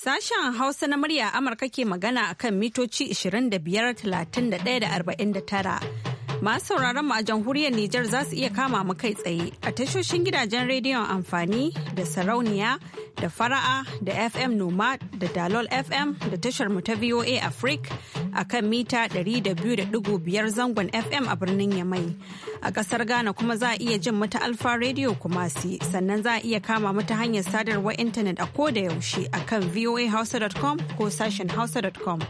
Sashen Hausa na murya Amurka ke magana akan mitoci 25, 31 da 49. Masu sauraron mu a jamhuriyar Nijar za su iya kama mu kai tsaye a tashoshin gidajen rediyon amfani da sarauniya da fara'a da FM Noma da Dalol FM da tashar mu ta VOA Africa a kan mita 200.5 zangon FM a birnin Yamai. A ƙasar Ghana kuma za a iya jin mu Alfa Radio Kumasi sannan za a iya kama mu ta hanyar sadarwar intanet a ko da yaushe a kan voahausa.com ko sashen hausa.com.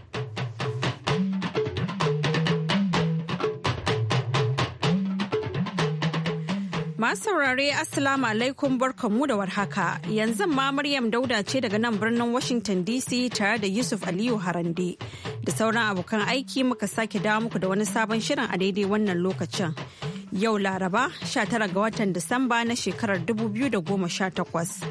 Masu saurare Assalamu alaikum barkanmu da warhaka. Yanzu ma Maryam Dauda ce daga nan birnin Washington DC tare da Yusuf Aliyu Harande. Da sauran abokan aiki muka sake dawo muku da wani sabon shirin a daidai wannan lokacin. Yau Laraba 19 ga watan Disamba na shekarar 2018.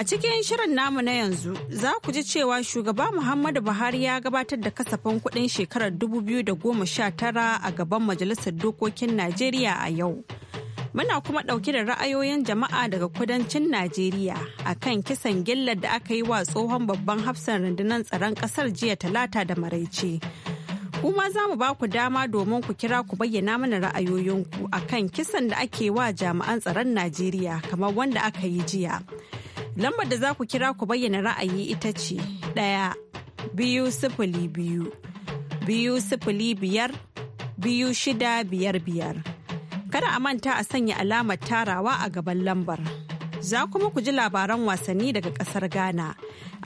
A cikin shirin namu na yanzu za ku ji cewa shugaba Muhammadu Buhari ya gabatar da kasafin kuɗin shekarar 2019 a gaban Majalisar Dokokin Najeriya a yau. Muna kuma ɗauke da ra'ayoyin jama'a daga kudancin Najeriya a kan kisan gillar da aka yi wa tsohon babban hafsan rundunar tsaron ƙasar jiya talata da maraice. Kuma za mu ba ku dama domin ku kira ku bayyana mana ra'ayoyinku a kan kisan da ake wa jami'an tsaron Najeriya kamar wanda aka yi jiya. Lambar da za ku kira ku bayyana ra'ayi ita ce ɗaya biyu sifili biyu biyu sifili biyar biyu shida biyar biyar. Kada a manta a sanya alamar tarawa a gaban lambar. Za kuma ku ji labaran wasanni daga ƙasar Ghana.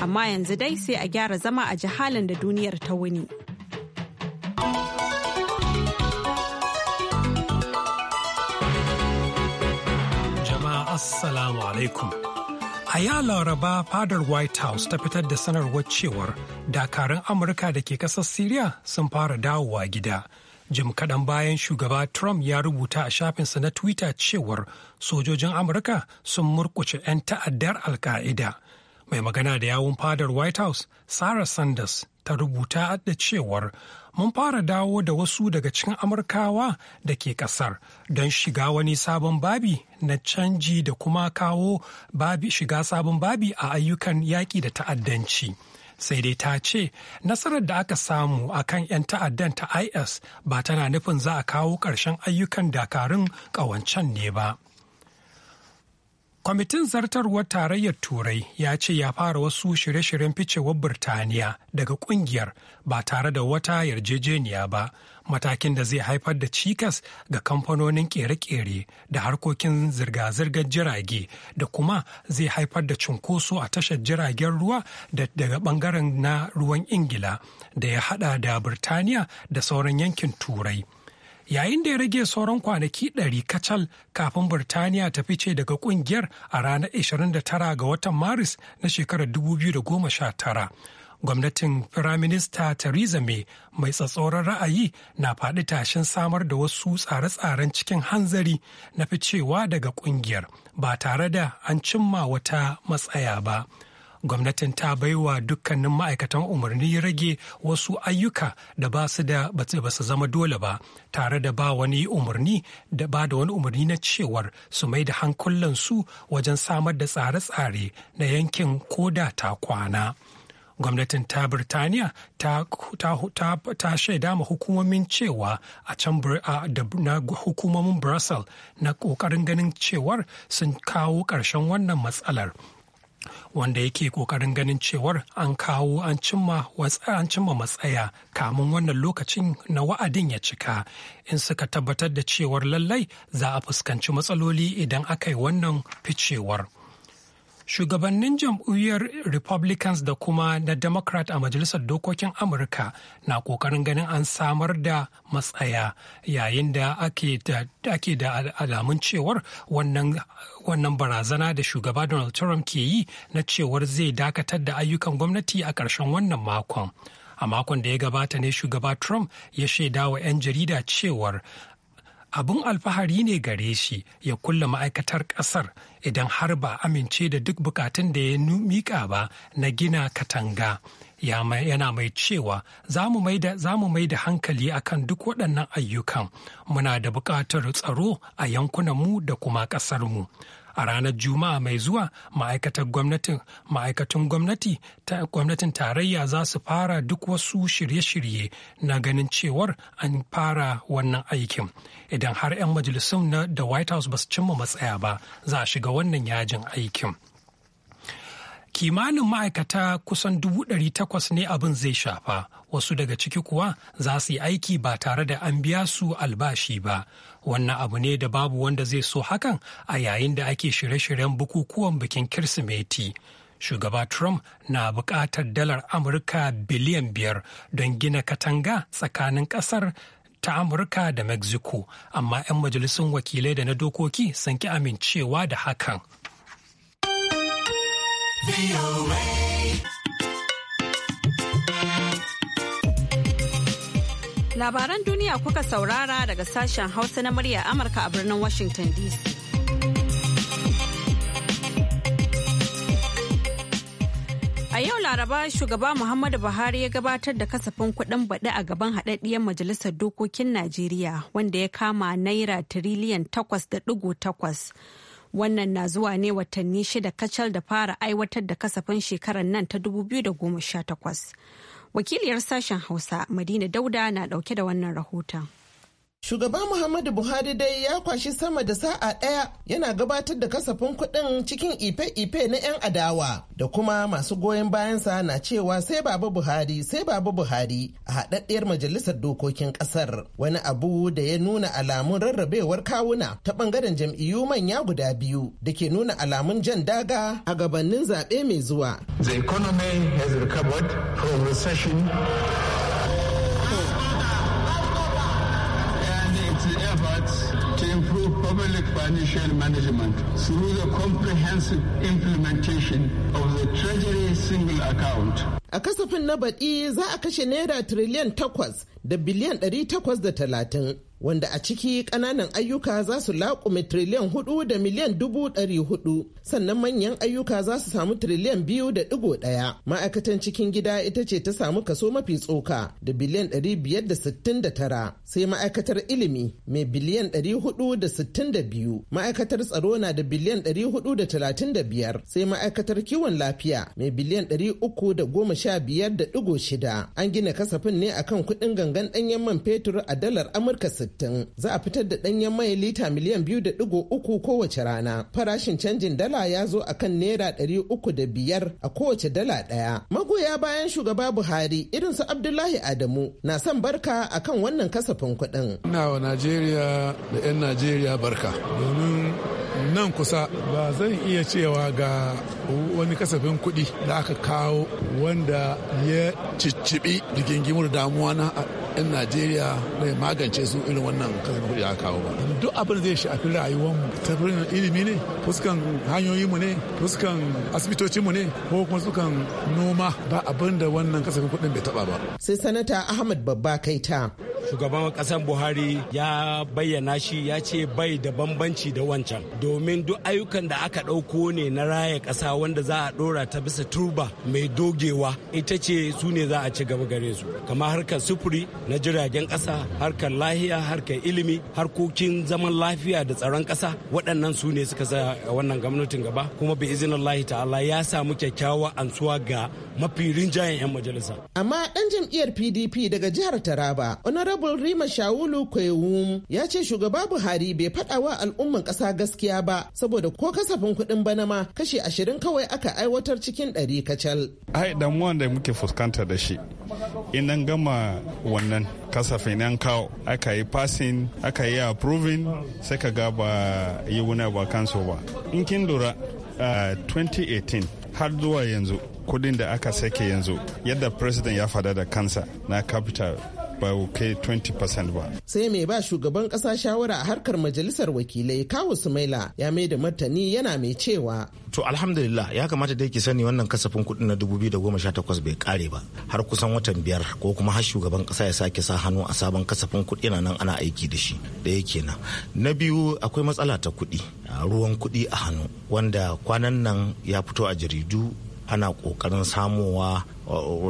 Amma yanzu dai sai a gyara zama a jihalin da duniyar ta wuni. Jama'a Assalamu alaikum. A ya laraba fadar White House ta fitar da sanarwar cewar dakarun Amurka da ke ƙasar Siriya sun fara dawowa gida jim kaɗan bayan shugaba trump ya rubuta a shafinsa na twitter cewar sojojin amurka sun murkuce 'yan ta'addar alka'ida mai magana da yawun fadar white house sarah sanders ta rubuta da cewar mun fara dawo da wasu daga cikin amurkawa da ke ƙasar" don shiga wani sabon babi na canji da kuma kawo shiga sabon babi a ayyukan yaƙi da ta'addanci. sai dai ta ce nasarar da aka samu a kan 'yan ta'addan ta is ba tana nufin za a kawo ƙarshen ayyukan dakarun ƙawancen ne ba. Kwamitin zartarwar tarayyar Turai ya ce ya fara wasu shirye-shiryen ficewar Birtaniya daga kungiyar ba tare da wata yarjejeniya ba, matakin da zai haifar da cikas ga kamfanonin kere-kere da harkokin zirga-zirgar jirage da kuma zai haifar da cunkoso a tashar jiragen ruwa da daga bangaren na ruwan Ingila da ya hada da Birtaniya da sauran yankin Turai. yayin da ya rage sauran kwanaki ɗari kacal kafin Birtaniya ta fice daga ƙungiyar a ranar 29 ga watan Maris na shekarar 2019. Gwamnatin Firaminista Theresa May mai tsatsoron ra'ayi na faɗi tashin samar da wasu tsare-tsaren cikin hanzari na ficewa daga ƙungiyar, ba tare da an cimma wata matsaya ba. gwamnatin ta baiwa dukkanin ma'aikatan umarni rage wasu ayyuka da ba su da ba su zama dole ba tare da ba wani umarni da ba da wani umarni na cewar su mai da hankulansu wajen samar da tsare-tsare na yankin koda ta kwana. gwamnatin ta birtaniya ta, shaida ma hukumomin cewa a can na hukumomin brussels na kokarin ganin cewar sun kawo ƙarshen wannan matsalar wanda yake kokarin ganin cewar an kawo an cimma matsaya kamun wannan lokacin na wa'adin ya cika in suka tabbatar da cewar lallai za a fuskanci matsaloli idan aka yi wannan ficewar. shugabannin jam'iyyar republicans da kuma na democrat a majalisar dokokin amurka na kokarin ganin an samar da matsaya yayin da ake da alamun cewar wannan barazana da shugaba donald trump ke yi na cewar zai dakatar da ayyukan gwamnati a ƙarshen wannan makon a makon da ya gabata ne shugaba trump ya shaida wa 'yan jarida cewar abin alfahari ne gare shi ya kulle ma'aikatar ƙasar idan har ba amince da duk bukatun da ya miƙa ba na gina katanga yana mai cewa za mu mai da hankali akan duk waɗannan ayyukan muna da buƙatar tsaro a yankunanmu da kuma ƙasarmu a ranar juma'a mai zuwa ma'aikatan gwamnatin ma'aikatun gwamnati ta gwamnatin tarayya za su fara duk wasu shirye-shirye na ganin cewar an fara wannan aikin idan har 'yan majalisun da white house ba su cimma matsaya ba za a shiga wannan yajin aikin. kimanin ma'aikata kusan dubu ɗari takwas ne abin zai shafa wasu daga ciki kuwa za su yi aiki ba tare da an biya su albashi ba wannan abu ne da babu wanda zai so hakan a yayin da ake shirye-shiryen bukukuwan bikin kirsimeti shugaba trump na buƙatar dalar amurka biliyan biyar don gina katanga tsakanin ƙasar ta amurka da mexico amma 'yan majalisun wakilai da na dokoki sun ki amincewa da hakan Labaran duniya kuka saurara daga sashen Hausa na murya Amurka a birnin Washington DC. A yau Laraba shugaba Muhammadu Buhari ya gabatar da kasafin kuɗin baɗi a gaban haɗaɗɗiyar Majalisar Dokokin Najeriya wanda ya kama Naira tiriliyan takwas da ɗigo takwas. Wannan na zuwa ne watanni shida kacal da fara aiwatar da kasafin shekarar nan ta 2018. Wakiliyar sashen Hausa Madina Dauda na dauke da wannan rahoton. Shugaba Muhammadu Buhari dai ya kwashi sama da sa'a ɗaya yana gabatar da kasafin kuɗin cikin ife-ife na 'yan adawa da kuma masu goyon bayansa na cewa sai baba Buhari sai baba Buhari a haɗaɗɗiyar majalisar dokokin ƙasar wani abu da ya nuna alamun rarrabewar kawuna ta ɓangaren jam'iyyu manya guda biyu da ke nuna alamun jan daga a gabanin zaɓe mai zuwa. The economy has recovered from recession financial management through the comprehensive implementation of the Treasury single account. A kasafin na baɗi za a kashe naira tiriliyan takwas da biliyan ɗari takwas da talatin wanda a ciki ƙananan ayyuka za su laƙume triliyan hudu da miliyan dubu ɗari hudu sannan manyan ayyuka za su samu triliyan biyu da ɗigo ɗaya ma'aikatan cikin gida ita ce ta samu kaso mafi tsoka da biliyan ɗari biyar da sittin da tara sai ma'aikatar ilimi mai biliyan ɗari hudu da sittin da biyu ma'aikatar tsaro na da biliyan ɗari hudu da talatin da biyar sai ma'aikatar kiwon lafiya mai biliyan ɗari uku da goma sha biyar da ɗigo shida an gina kasafin ne akan kuɗin gangan ɗanyen man fetur a dalar amurka 60 za a fitar da ɗanyen mai lita miliyan 2.3 kowace rana farashin canjin dala ya zo a kan naira 305 a kowace dala ɗaya magoya bayan shugaba buhari irin su abdullahi adamu na son barka a kan wannan kasafin kuɗin ina wa najeriya da 'yan najeriya barka domin nan kusa ba zan iya cewa ga wani kasafin kuɗi da aka kawo wanda ya ciccibi rigingimu damuwa na 'yan najeriya da magance su irin irin wannan kasafin kuɗi aka kawo ba duk abin da zai shafi mu ta furin ilimi ne fuskan mu ne fuskan asibitocinmu ne ko kuma fuskan noma ba abin da wannan kasafin kuɗin bai taba ba sai sanata ahmad babba kaita shugaban ƙasar buhari ya bayyana shi ya ce bai da bambanci da wancan domin duk ayyukan da aka ɗauko ne na raya ƙasa wanda za a ɗora ta bisa turba mai dogewa ita ce su ne za a ci gaba gare su kamar harkar sufuri na jiragen ƙasa harkar lahiya harkar ilimi harkokin zaman lafiya da tsaron ƙasa waɗannan su ne suka sa wannan gwamnatin gaba kuma bi izinin ta'ala ya samu kyakkyawa ansuwa ga mafi rinjayen 'yan majalisa amma ɗan jam'iyyar pdp daga jihar taraba honorable Honorable Rima Shawulu Kwewum ya ce shugaba Buhari bai faɗa wa al'umman ƙasa gaskiya ba saboda ko kasafin kuɗin bana ma kashi ashirin kawai aka aiwatar cikin ɗari kacal. Ai damuwan da muke fuskanta da shi in gama wannan kasafin an kawo aka yi passing aka yi approving sai ka ga ba yi wuna ba kansu ba. In kin lura 2018 har zuwa yanzu kudin da aka sake yanzu yadda president ya fada da kansa na capital ba kai 20% ba. Sai mai ba shugaban kasa shawara a harkar majalisar wakilai kawo Sumaila ya mai da martani yana mai cewa. To alhamdulillah ya kamata dai ki sani wannan kasafin kuɗin na 2018 bai kare ba har kusan watan biyar ko kuma har shugaban kasa ya sake sa hannu a sabon kasafin kuɗi na nan ana aiki da shi da yake na. Na biyu akwai matsala ta kuɗi ruwan kuɗi a hannu wanda kwanan nan ya fito a jaridu ana ƙoƙarin samowa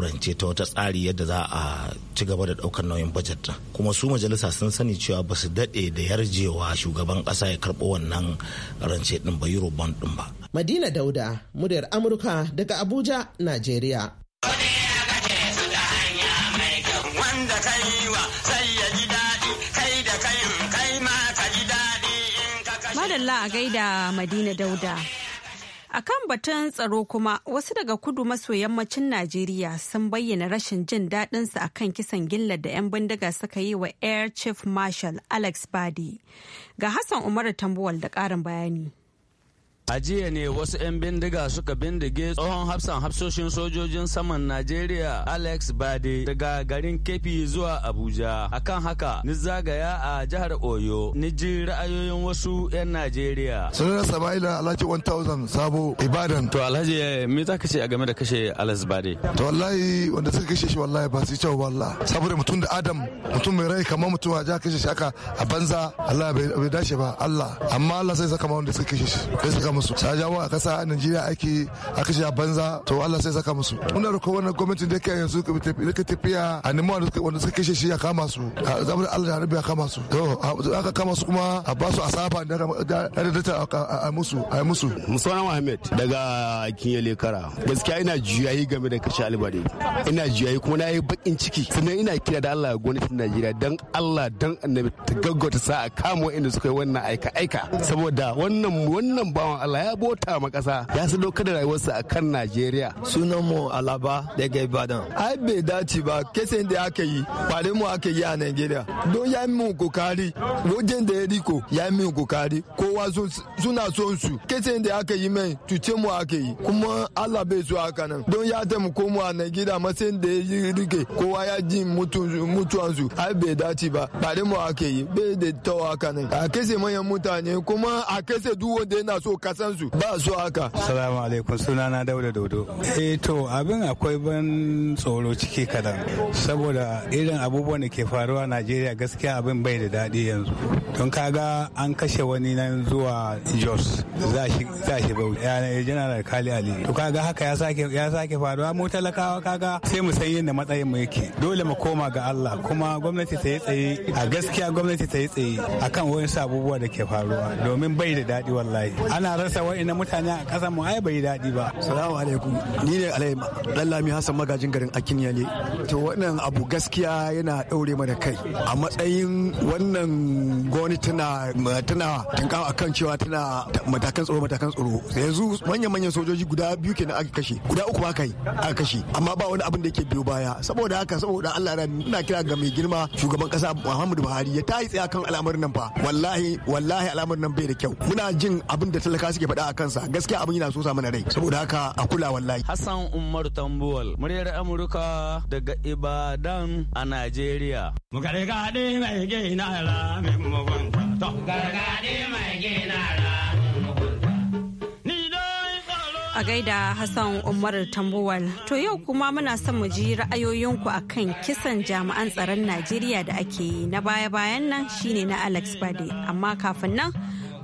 rance ta wata tsari yadda za a ci gaba da daukar nauyin budget kuma su majalisa sun sani cewa ba su dade da yarjewa shugaban kasa ya karbo wannan rance din ba euro bond din ba madina dauda muryar amurka daga abuja nigeria wanda wa daɗi Madalla a gaida Madina Dauda. A kan batun tsaro kuma wasu daga kudu maso yammacin Najeriya sun bayyana rashin jin daɗinsu a kan kisan gillar da 'yan bindiga suka yi wa Air Chief Marshal Alex Badi. Ga Hassan Umaru Tambuwal da ƙarin bayani. A jiya ne wasu 'yan bindiga suka bindige tsohon hafsan hafsoshin sojojin saman Najeriya Alex Bade daga garin Kefi zuwa Abuja. Akan haka ni zagaya a jihar Oyo ni ji ra'ayoyin wasu 'yan Najeriya. Sunan Sama'ila Alhaji 1000 Sabo Ibadan. To Alhaji eh, me za ka ce a game da kashe Alex Bade? To wallahi wanda suka kashe shi wallahi ba su yi kyau wallah. Saboda mutum da Adam mutum mai rai kamar mutum a kashe shi aka a banza Allah bai dace ba Allah amma Allah sai saka ma wanda suka kashe shi. musu shajawa a kasa a Najeriya ake aka shi a banza to Allah sai saka musu muna roƙo wannan gwamnatin da yake yanzu ka tafiya a nemi wanda suka kashe shi a kama su a zabar Allah da rabi a kama su to aka kama su kuma a ba su asaba da da a musu a musu musana Muhammad daga Kinyele Kara gaskiya ina juyayi game da kashe albade ina juyayi kuma na yi bakin ciki sannan ina kira da Allah gwamnatin Najeriya dan Allah dan annabi ta gaggauta sa a kama waɗanda suka yi wannan aika aika saboda wannan wannan bawan Allah ya bota ma ƙasa ya su dokar da rayuwarsa a kan Najeriya. Sunan mu Alaba daga Ibadan. Ai bai dace ba kese da aka yi kware mu aka yi a Najeriya. Don ya yi min kokari wajen da ya riko ya yi min kokari kowa suna son su kese da aka yi mai tuce mu aka yi kuma Allah bai so haka nan don ya taimako mu a Najeriya matsayin da ya rike kowa ya ji su. ai bai dace ba kware mu aka yi bai da tawa haka nan. A kese manyan mutane kuma a kese duk wanda yana so ka san su ba su haka salamu alaikum na dauda dodo eh to abin akwai ban tsoro ciki kadan saboda irin abubuwan da ke faruwa Najeriya gaskiya abin bai da daɗi yanzu don kaga an kashe wani nan zuwa Jos za shi bau ya general Kali Ali to kaga haka ya sake ya faruwa mu talakawa kaga sai mu san yadda matsayin mu yake dole mu koma ga Allah kuma gwamnati ta yi tsaye a gaskiya gwamnati ta yi tsaye akan wani abubuwa da ke faruwa domin bai da daɗi wallahi ana rasa na mutane a ƙasar mu ai bai daɗi ba salamu alaikum ni ne Dan Lami hassan magajin garin Akinya ne. to wannan abu gaskiya yana ɗaure mana kai a matsayin wannan gwani tana tana tinkawa akan cewa tana matakan tsaro matakan tsaro yanzu manyan manyan sojoji guda biyu kenan aka kashe guda uku aka yi aka kashe amma ba wani abin da yake biyo baya saboda haka saboda Allah na ina kira ga mai girma shugaban kasa Muhammadu Buhari ya tayi tsaya kan al'amarin nan fa wallahi wallahi al'amarin nan bai da kyau muna jin abin da talaka talaka suke faɗa a kansa gaskiya abin yana so sa mana rai saboda haka a kula wallahi Hassan Umar Tambuwal muryar Amurka daga Ibadan a Najeriya mu gare gade mai gina mai to mai gina a gaida Hassan Umar Tambuwal. To yau kuma muna son mu ji ra'ayoyinku a kan kisan jami'an tsaron Najeriya da ake yi na baya-bayan nan shine na Alex Bade. Amma kafin nan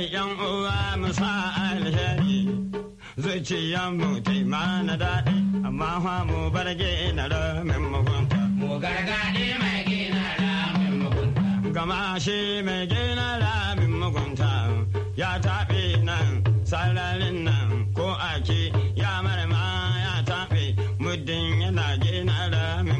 kai yan uwa musa alheri zuciyar mu taima na daɗi amma fa mu bar gina ramin mugunta. Mu gargaɗi mai gina ramin mugunta. Gama shi mai gina ramin mugunta ya taɓe nan sararin nan ko ake ya marama ya taɓe muddin yana gina ramin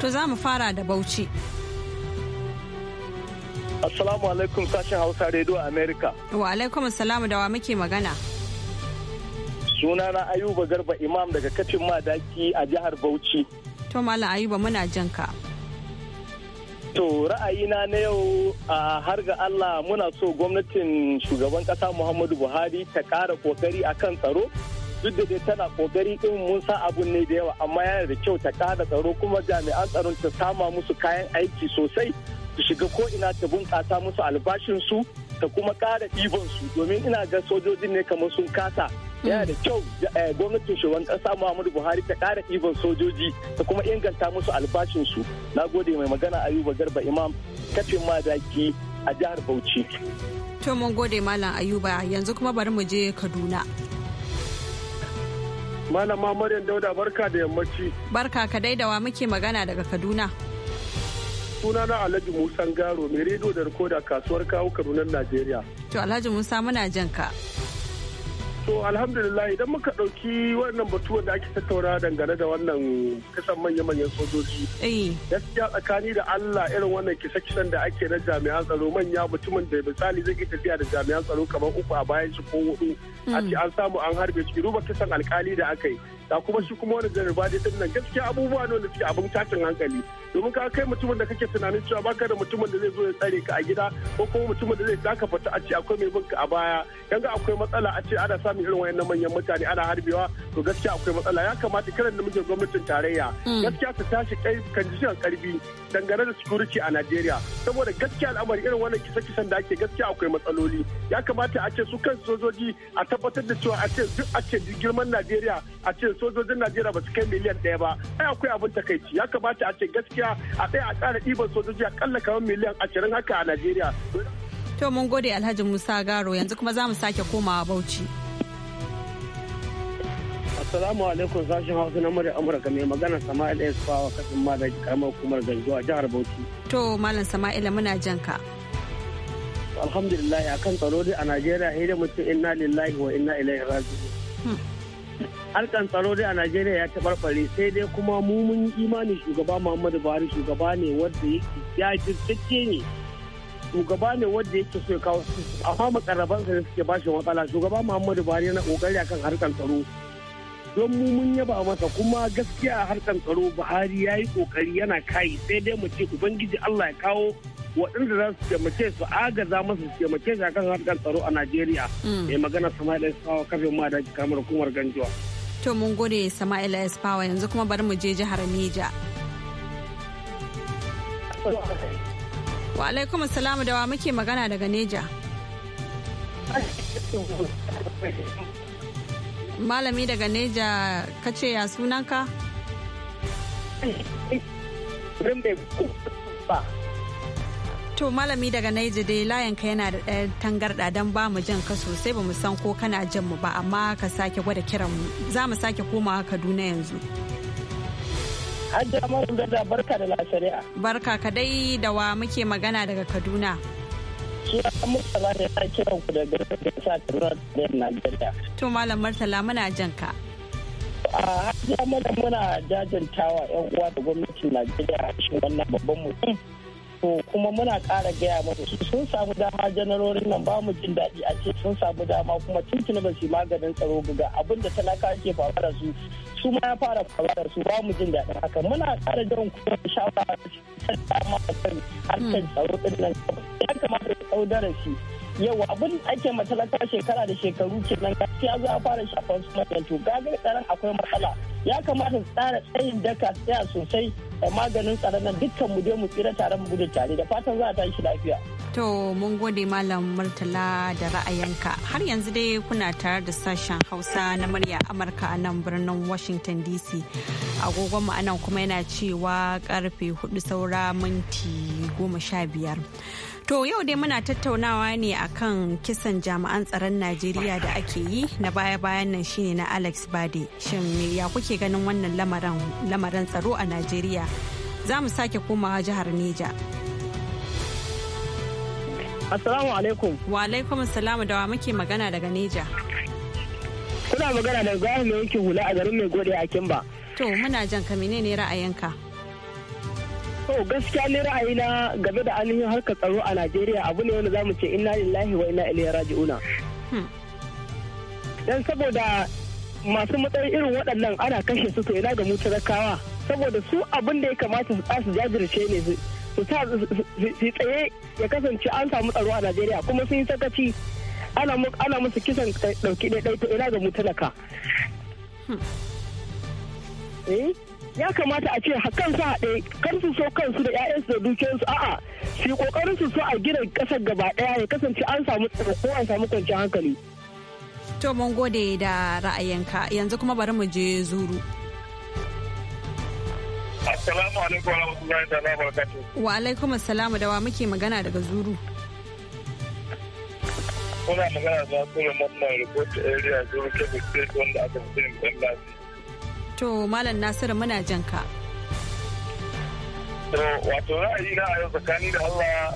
To za mu fara da Bauchi. Assalamu alaikum sashen Hausa Radio America. Wa alaikum assalamu da wa muke magana. Sunana Ayuba Garba Imam daga Katin Madaki a jihar Bauchi. To Malam Ayuba muna jan ka. To ra'ayina na yau a har ga Allah muna so gwamnatin shugaban ƙasa Muhammadu Buhari ta ƙara kokari akan tsaro duk da dai tana kokari in mun san abun ne da yawa amma yana da kyau ta kada tsaro kuma jami'an tsaron ta sama musu kayan aiki sosai su shiga ko ina ta bunƙasa musu albashin su ta kuma ƙara ɗiban su domin ina ga sojojin ne kamar sun kasa yana da kyau eh, gwamnatin shugaban ƙasa Muhammadu Buhari ta kara ɗiban sojoji ta kuma inganta musu albashin su na gode mai magana Ayuba Garba Imam kafin madaki a jihar Bauchi. To mun gode Malam Ayuba yanzu kuma bari mu je Kaduna. Malama Maryam Dauda barka da yammaci. Barka ka daidawa muke magana daga Kaduna. Suna na Alhaji Musa Garo mai rediyo da rikoda kasuwar kawo Kaduna Najeriya. To Alhaji Musa muna jan ka. To alhamdulillah idan muka ɗauki wannan batu da ake tattauna dangane da wannan kasan manya-manyan sojoji. Eh. Gaskiya tsakani da Allah irin wannan kisa-kisan da ake na jami'an tsaro manya mutumin da misali zai iya tafiya da jami'an tsaro kamar uku a bayan su ko hudu. Hmm. A ce an samu an harbe su ruba kisan alkali da aka yi. Da kuma shi kuma wani jaribadi din nan gaskiya abubuwa ne da suke abin tashin hankali. domin ka kai mutumin da kake tunanin cewa baka da mutumin da zai zo ya tsare ka a gida ko kuma mutumin da zai zaka fata a ce akwai mai binka a baya ga akwai matsala a ce ana samun irin wayannan manyan mutane ana harbewa to gaskiya akwai matsala ya kamata kiran da muke gwamnatin tarayya mm. gaskiya ta tashi kai kan karbi dangane da security a Najeriya saboda gaskiya al'amari irin wannan kisa-kisan da ake gaskiya akwai matsaloli ya kamata a ce su kan sojoji a tabbatar da cewa a ce duk a ce girman Najeriya a ce sojojin Najeriya ba su kai miliyan ɗaya ba ai akwai abin takaici ya kamata a ce gaskiya najeriya a ɗaya a ƙara ɗiban sojoji a ƙalla kamar miliyan ashirin haka a najeriya. to mun gode alhaji musa garo yanzu kuma za mu sake komawa bauchi. Assalamu alaikum sashen Hausa na murya Amurka mai magana Sama'il S. Fawa kasan da karamar hukumar Ganjo a jihar Bauchi. To Malam Sama'ila muna jan ka. Alhamdulillah akan tsaro dai a Najeriya sai mutum inna lillahi wa inna ilaihi raji'un. Hmm. harkan tsaro dai a najeriya ya barbare sai dai kuma mu mun imani shugaba muhammadu buhari shugaba ne wanda yake ya jirtacce ne shugaba ne wanda yake so ya kawo amma makarabansa ne suke bashi matsala shugaba muhammadu buhari yana kokari akan harkan tsaro don mu mun yaba masa kuma gaskiya a harkan tsaro buhari ya yi kokari yana kai sai dai mu ce ubangiji allah ya kawo waɗanda za su taimake su agaza masu su taimake shi akan harkar tsaro a Najeriya. Hmm. Mai magana Sama'il Isfawa kafin ma da kamar hukumar Ganjuwa. To mun gode Sama'il Isfawa yanzu kuma bari mu je jihar Neja. Wa alaikum salamu da wa muke magana daga Neja. Malami daga Neja kace ya sunanka? To malami daga Naija dai ka yana da ɗan tangarɗa don ba mu jin ka sosai ba mu san ko kana jin mu ba amma ka sake gwada kiran mu za mu sake komawa Kaduna yanzu. Hajji Amaru da barka da lasari'a. Barka ka dai da wa muke magana daga Kaduna. Suna Murtala ne ta kiran ku daga ta Kaduna da Najeriya. To malam Murtala muna jan ka. A Hajji Amaru muna jajantawa 'yan uwa da gwamnatin Najeriya a cikin wannan babban mutum. to kuma muna ƙara gaya su sun samu dama janarorin nan ba mu jin daɗi a ce sun samu dama kuma tuntuni ba su maganin tsaro buga abin da talaka ke faruwa da su su ma ya fara faruwa da su ba mu jin daɗi haka muna ƙara jan kuma shawara ta dama a kan harkar tsaro ɗin nan ya kamata su ɗau darasi yau abin da ake matalaka shekara da shekaru kenan gaskiya za a fara shafar su mai to gagar tsaron akwai matsala ya kamata su tsara tsayin daka tsaya sosai da maganin tsaron nan dukkan mu dai mu tsira tare mu gudu tare da fatan za a tashi lafiya. To mun gode Malam Murtala da ra'ayinka har yanzu dai kuna tare da sashen Hausa na murya Amurka a nan birnin Washington DC. Agogon mu anan kuma yana cewa karfe hudu saura minti goma sha biyar. To yau dai muna tattaunawa ne akan kisan jami'an tsaron Najeriya da ake yi na baya-bayan nan shine na Alex Bade. Shin ya kuke ganin wannan lamarin tsaro a Najeriya? Za mu sake komawa jihar Neja. Assalamu alaikum. Wa alaikum assalamu da wa muke magana daga Neja. Kuna magana da Zahir mai yankin hula a garin mai gode a Kimba. To muna jan ka menene ra'ayinka? To gaskiya ne na game da ainihin harkar tsaro a Najeriya abu ne wanda zamu ce inna lillahi wa inna ilaihi raji'una. Hmm. Dan saboda masu matsayin irin waɗannan ana kashe su to ina ga mu talakawa saboda su abin da ya kamata su tsasu jajirce ne su tsaye ya kasance an samu tsaro a Najeriya kuma sun yi sakaci ana musu kisan ɗauki ɗaiɗai to ina ga mu talaka. Hmm. Eh? ya kamata a ce kansu haɗe kar su so kansu da 'ya'yansu da dukiyarsu a'a su kokarin su so a gina ƙasar gaba ɗaya ya kasance an samu tsaro ko an samu kwanciyar hankali. To mun gode da ra'ayinka yanzu kuma bari mu je zuru. Assalamu alaikum wa rahmatullahi wa barakatuh. Wa alaikum assalamu da wa muke magana daga zuru. Kuna magana da kuma mamman report area zuru kebbi state wanda aka fi yin lafiya. To Malam Nasiru muna jan ka. To wato ra'ayi na a yau tsakani da Allah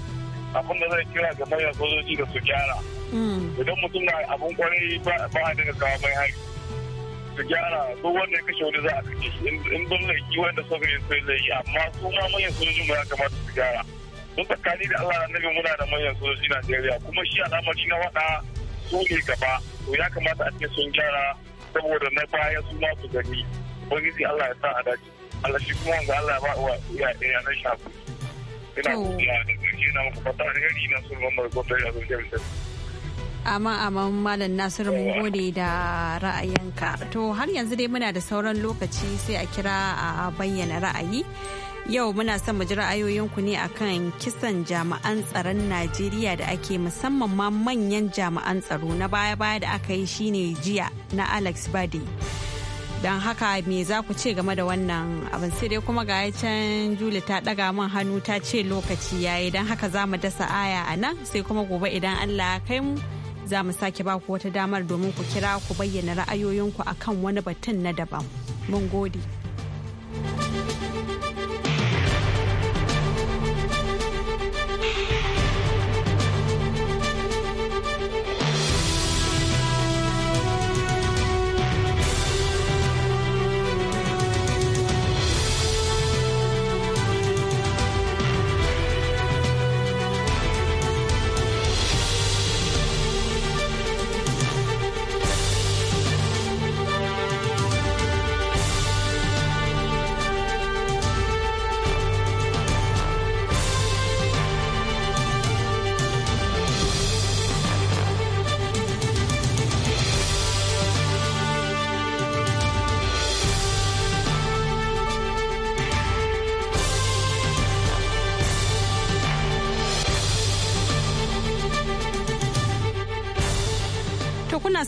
abin da zai kira ga manyan sojoji da su gyara. Mm. Idan mutum na abin kwarai ba a daga kawo mai hari. Su gyara duk wanda ya kashe wani za a kashe shi in don laifi wanda suka ne sai zai yi amma su ma manyan sojojin ba ya kamata su gyara. Don tsakani da Allah annabi muna da manyan sojoji Najeriya kuma shi al'amari na waɗa su ne gaba to ya kamata a ce sun gyara saboda na baya su ma su gani. ubangiji Allah ya sa a dace Allah shi kuma wanda Allah ya ba wa iyayen shi shafi. ina godiya da gaske na muku fata gari na sulman margoto ya zo jami'a amma amma malam nasiru mun gode da ra'ayinka to har yanzu dai muna da sauran lokaci sai a kira a bayyana ra'ayi yau muna son mu ji ra'ayoyinku ne akan kisan jami'an tsaron najeriya da ake musamman ma manyan jami'an tsaro na baya-baya da aka yi shine jiya na alex bade don haka me za ku ce game da wannan abin sai dai kuma ga can juli ta daga mun hannu ta ce lokaci ya yi don haka za mu dasa aya a nan sai kuma gobe idan allah ya kai mu za mu sake ba ku wata damar domin ku kira ku bayyana ra'ayoyinku akan wani batun na daban mun gode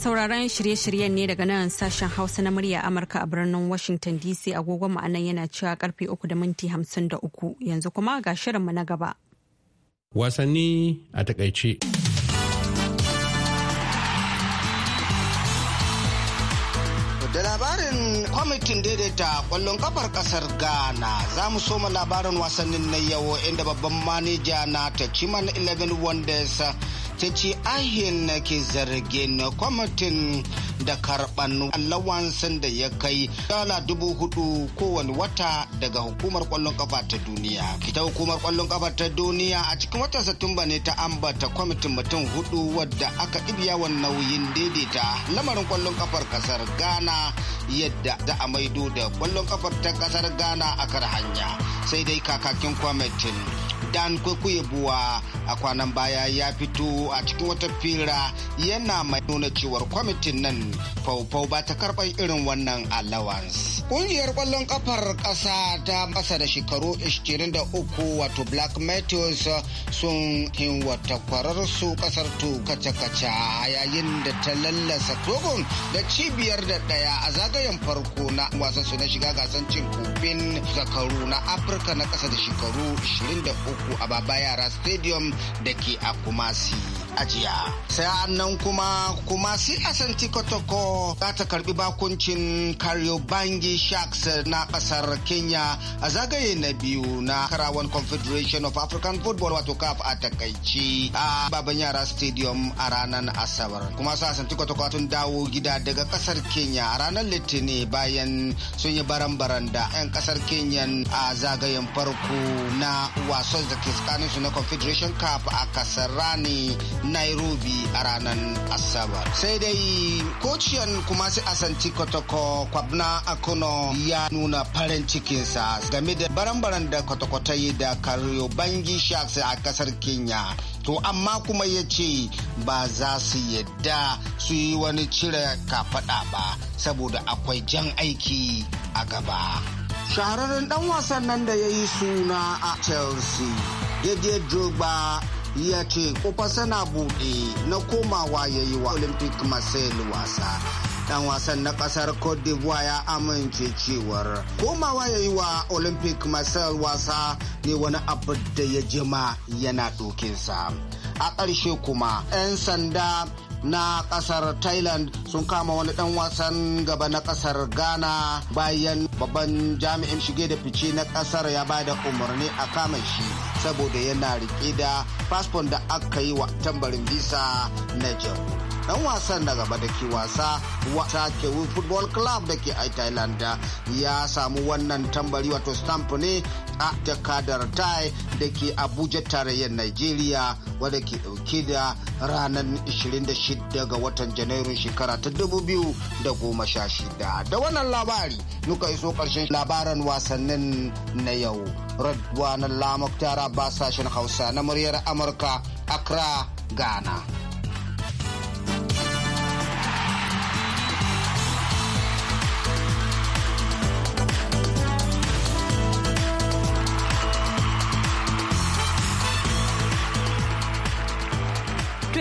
sauraron shirye-shiryen ne daga nan sashen Hausa na murya Amurka a birnin Washington DC agogon ma'anan yana cewa karfe 3 da minti 53 yanzu kuma ga shirinmu na gaba. Wasanni a takaice. Da labarin kwamitin daidaita kwallon kafar kasar Ghana za mu soma labarin wasannin na yau inda babban manija na ta ciman 11 wanda ya ta ce ahin na ke zargin kwamitin da karɓan lawan da ya kai dala dubu hudu kowane wata daga hukumar kwallon kafa ta duniya. Ita hukumar kwallon kafa ta duniya a cikin watan Satumba ne ta ambata kwamitin mutum hudu wadda aka ɗibiya wa nauyin daidaita lamarin kwallon kafar kasar Ghana yadda za a maido da kwallon kafar ta kasar Ghana a kar hanya. Sai dai kakakin kwamitin dan buwa a kwanan baya ya fito a cikin wata fira yana mai nuna cewar kwamitin nan faufau ba ta karɓar irin wannan allowance ƙungiyar ƙwallon ƙafar ƙasa ta masa da shekaru 23 wato black meteors sun kwarar su ƙasar tu kaca-kaca a yayin da ta lallasa togon da cibiyar da ɗaya a zagayen farko na wasan su na shiga gasar cin kofin zakaru na afirka na ƙasa da shekaru 23 uku a yara stadium da ke a kumasi ajiya. sai annan kuma kuma si Asante Kotoko za ta karbi bakuncin bangi Sharks na kasar Kenya a zagaye na biyu na karawan Confederation of African Football wato CAF a takaici a Baban Yara Stadium a ranar Asabar. Kuma sa Asante Kotoko tun dawo gida daga kasar Kenya a ranar Litinin bayan sun yi baran-baran da 'yan kasar Kenya a zagayen farko na wasan da ke tsakaninsu na Confederation Cup a kasar Rani Nairobi a ranar Asabar. Sai dai kociyan kuma su asanci kotoko kwabna akono ya nuna farin cikinsa game da baran-baran da kwatakwata yi da bangi sharks a kasar Kenya. to amma kuma ya ce ba za su yadda su yi wani cire kafaɗa ba saboda akwai jan aiki a gaba shahararren dan wasan nan da ya yi suna a chelsea Didier drogba ya ce kofa na buɗe na komawa ya yi wa olympic marcel wasa dan wasan na kasar cote d'ivoire ya amince cewar komawa ya yi wa olympic marcel wasa ne wani abu da ya jima yana dokinsa a ƙarshe kuma 'yan sanda na kasar thailand sun kama wani dan wasan gaba na kasar ghana bayan babban jami'in shige da fice na kasar ya ba da umarni a kama shi saboda yana rike da fasfon da aka yi wa tambarin visa na jamhuriyar dan wasan na gaba da ke wasa wata kewu football club da ke a thailand ya samu wannan tambari wato stamp ne a jakadar tai da ke abuja tarayyar nigeria wadda ke dauke da ranar 26 ga watan janairun shekara ta 2016 da wannan labari nuka iso karshen labaran wasannin na yau radwanan lamuk tara ba sashen hausa na muryar amurka accra ghana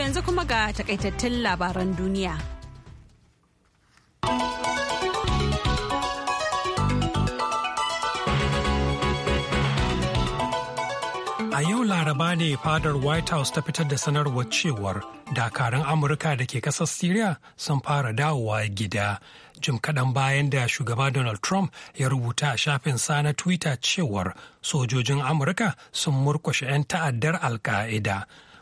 yanzu kuma ga takaitattun labaran duniya. A yau Laraba ne fadar White House ta fitar da sanarwar cewar dakarun Amurka da ke ƙasar Siriya sun fara dawowa gida. Jim kaɗan bayan da shugaba Donald Trump ya rubuta a shafin sa na Twitter cewar sojojin Amurka sun murkushe 'yan ta'addar al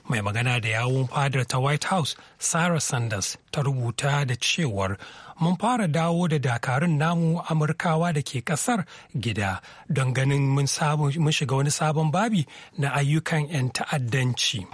mai magana da yawun fadar ta white house sarah sanders ta rubuta da cewar mun fara dawo da dakarun namu amurkawa da ke kasar gida don ganin mun shiga wani sabon babi na ayyukan 'yan ta'addanci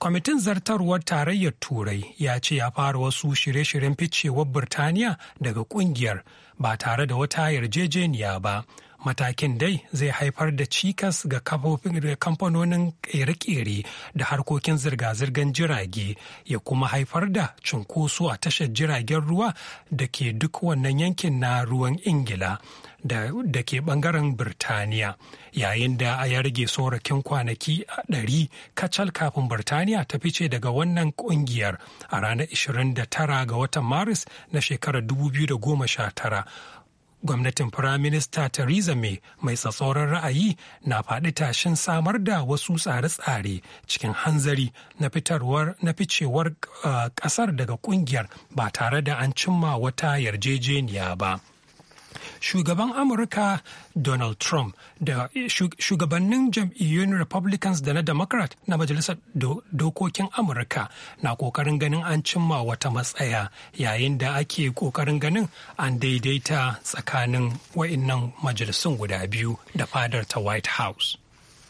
kwamitin zartarwar tarayyar turai ya ce ya fara wasu shirye-shiryen ficewar birtaniya daga kungiyar ba tare da wata yarjejeniya ba matakin dai zai haifar da cikas ga kafofin kamfanonin kere-kere da harkokin zirga-zirgar jirage ya kuma haifar da cunkoso a tashar jiragen ruwa da ke duk wannan yankin na ruwan ingila da ke bangaren birtaniya yayin da ya rage tsorakin kwanaki a ɗari kacal kafin birtaniya ta fice daga wannan kungiyar a ranar 29 ga watan maris na shekarar 2019 gwamnatin firaminista theresa may mai tsatsauran ra'ayi na faɗi tashin samar da wasu tsare-tsare cikin hanzari na fitarwar na ficewar ah, ƙasar daga ƙungiyar ba tare da an cimma wata yarjejeniya ba shugaban amurka donald trump da shugabannin jam'iyyun republicans da na democrat na majalisar dokokin amurka na kokarin ganin an cimma wata matsaya yayin da ake kokarin ganin an daidaita tsakanin wa'innan majalisun guda biyu da fadar ta white house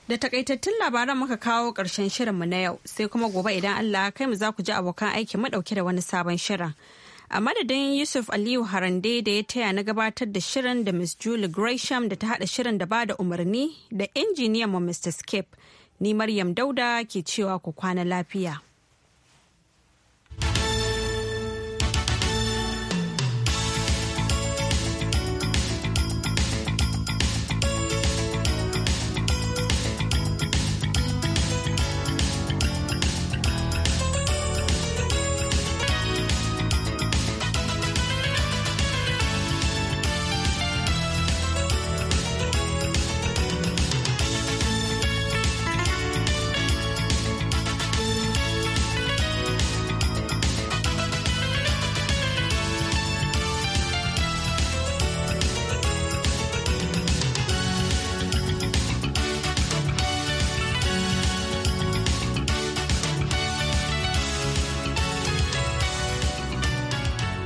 Da takaitattun labaran muka kawo ƙarshen shirinmu na yau sai kuma gobe idan Allah kai mu za ku ji abokan aiki madauke da wani sabon shirin. a madadin yusuf aliyu harande da ya taya na gabatar da shirin da miss julie gresham da ta hada shirin da ba da umarni da injiniyan mu mr skip ni maryam dauda ke cewa ku kwana lafiya